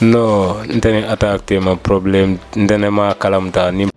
No, ntene attaque actuellement problème ntene ma kalamta ni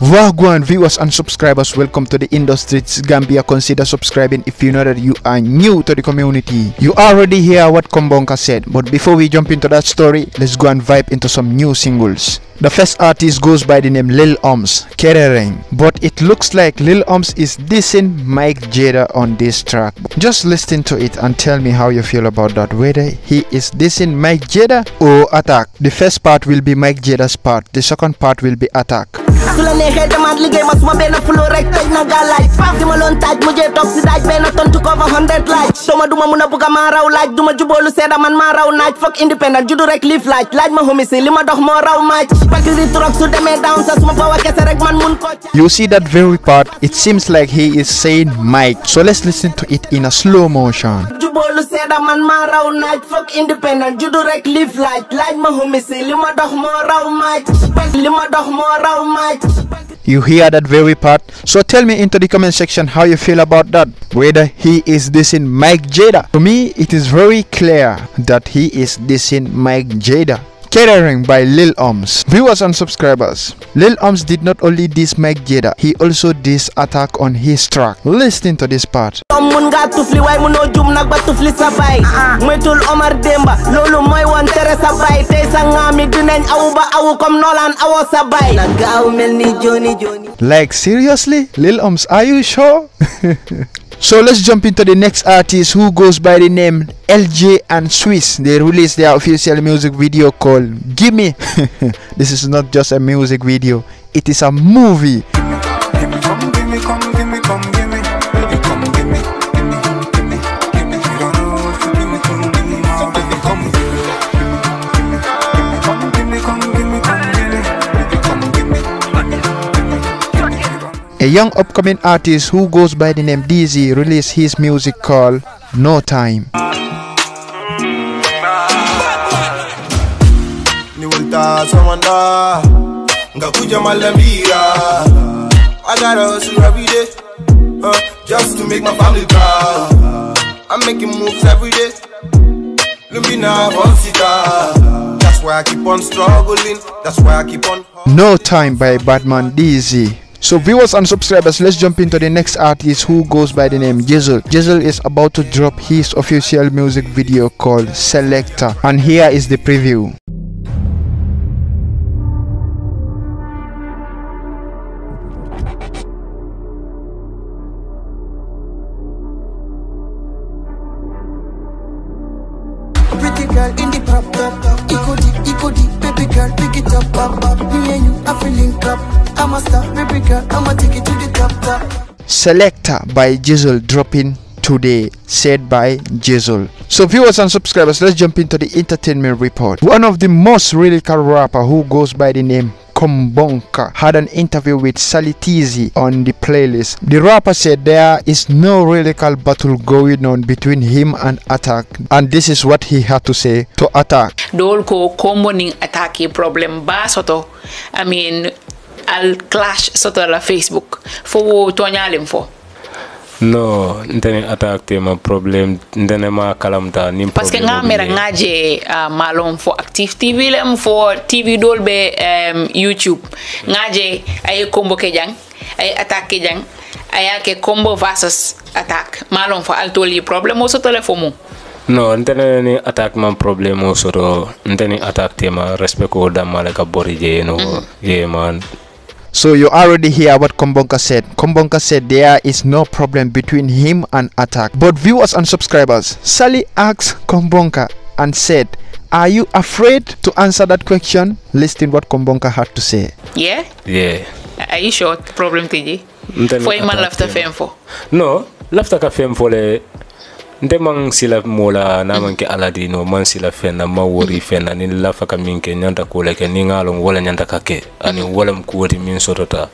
Wagwan viewers and subscribers, welcome to the industry. Gambia. Consider subscribing if you know that you are new to the community. You already hear what Kombonka said, but before we jump into that story, let's go and vibe into some new singles. The first artist goes by the name Lil Oms, Kerering, but it looks like Lil Oms is dissing Mike Jada on this track. Just listen to it and tell me how you feel about that, whether he is dissing Mike Jada or Attack. The first part will be Mike Jada's part, the second part will be Attack su la neexee demaat liggéey ma suma benn flow rek tëj na gaa laaj si ma loon taaj mujjee toog si daaj benn tontu ko fa hundred laaj doma duma mun a bugga maa raw laaj duma juboolu seeda man maa raw naaj foog independent judu rek liif laaj laaj ma homisi li ma dox moo raw maaj bakiri trop su demee down sa suma bawa kese rek man mun ko You see that very part it seems like he is saying Mike so let's listen to it in a slow motion man You hear that very part? So tell me into the comment section how you feel about that. Whether he is dissing Mike Jada. To me, it is very clear that he is dissing Mike Jada. Catering by Lil Oms. Viewers and subscribers, Lil Oms did not only diss Mike Jada, he also diss Attack on his track. Listen to this part. Demba like seriously Lil Oms are you sure so let's jump into the next artist who goes by the name LJ and Swiss they released their official music video called Gimme. this is not just a music video, it is a movie. A young upcoming artist who goes by the name DZ released his music called No Time. Nikita Samanda Ngakuja Malambira I gotta hustle every day uh, Just to make my family proud I'm making moves every day Lumina Vonsita That's why I keep on struggling That's why I keep on No Time by Batman DZ so viewers and subscribers, let's jump into the next artist who goes by the name Jizzle. Jizzle is about to drop his official music video called Selector and here is the preview. girl in the prop top. Eco deep, baby girl, pick it up, up, up. Me and you, I feel link up. I'm a star, baby girl, I'ma take it to the top, top. Selector by Jizzle dropping today said by Jizzle. So viewers and subscribers, let's jump into the entertainment report. One of the most lyrical rapper who goes by the name Kombonka had an interview with Sally Teezy on the playlist. The rapper said there is no radical battle going on between him and Attack, and this is what he had to say to Attack. Dol ko commoning attack problem ba soto. I mean, I'll clash soto la Facebook. For wo tonyalem for. no ntene attaque ma problem ntene ma kalamta ni parce euh, tv lem fo tv dol be youtube nga je ay combo ke jang ay attaque ke jang ay ke combo versus attaque malon fo altoli problem o so telefomo no ntene attaque man problème soto ntene attaque tema respect ko dammale ka bori je no mhm. So you already hear what Kombonka said. Kombonka said there is no problem between him and Attack. But viewers and subscribers, Sally asked Kombonka and said, are you afraid to answer that question? Listing what Kombonka had to say. Yeah? Yeah. Are you sure? Problem TG? For him, laughter for. No, laughter ka femfo nte man sila moo la n'a man kɛ ala di man sila fɛn na ma wori fɛn na ni lafa ka min ke ñanta kule ke kɛ ni ŋa wala ñanta ka ani wala mu kuwoti min sotota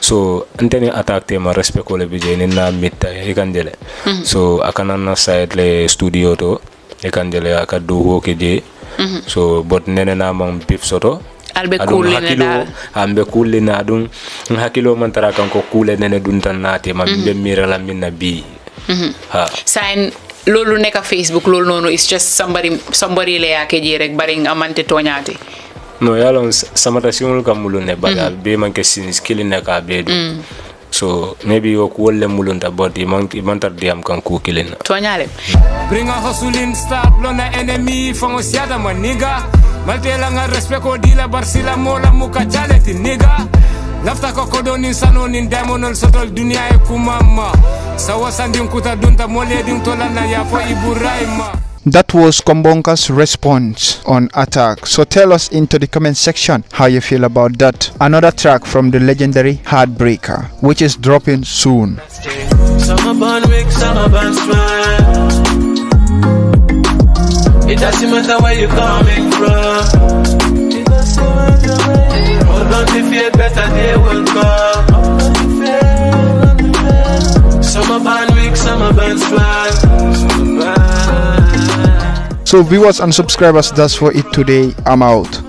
so nte ni attaque tema respect ko le bi je ni na mitta i kan so a kana na side le studio to i kan jɛlɛ a ka je so bot nene n'a man bif soto albe kulle ne dal hakkiloo na man tara kan ko nene duntan tan na mhm. mirala minna bi mhm. sain loolu nekk Facebook loolu noonu is just somebody somebody le yake je rek bari nga mante toñati no yalon samata siŋolu kam mulu ne barial mm -hmm. bee ke sinis kili ne ka bee du mm. so maybe wo kuwolu le mulunta bot i man tara diyaam kaŋ kuu kilin na toñaa le mm. biriŋa hosulin start lona fo mo siada mo niga la nga respect ko di la mo la mu ka jale ti niga lafta ko nin niŋ sanoo niŋ sotol duniyaa ye kumama That was Kambunka's response on Attack. So tell us into the comment section how you feel about that. Another track from the legendary Heartbreaker, which is dropping soon. It doesn't matter where you coming from. So viewers and subscribers, that's for it today. I'm out.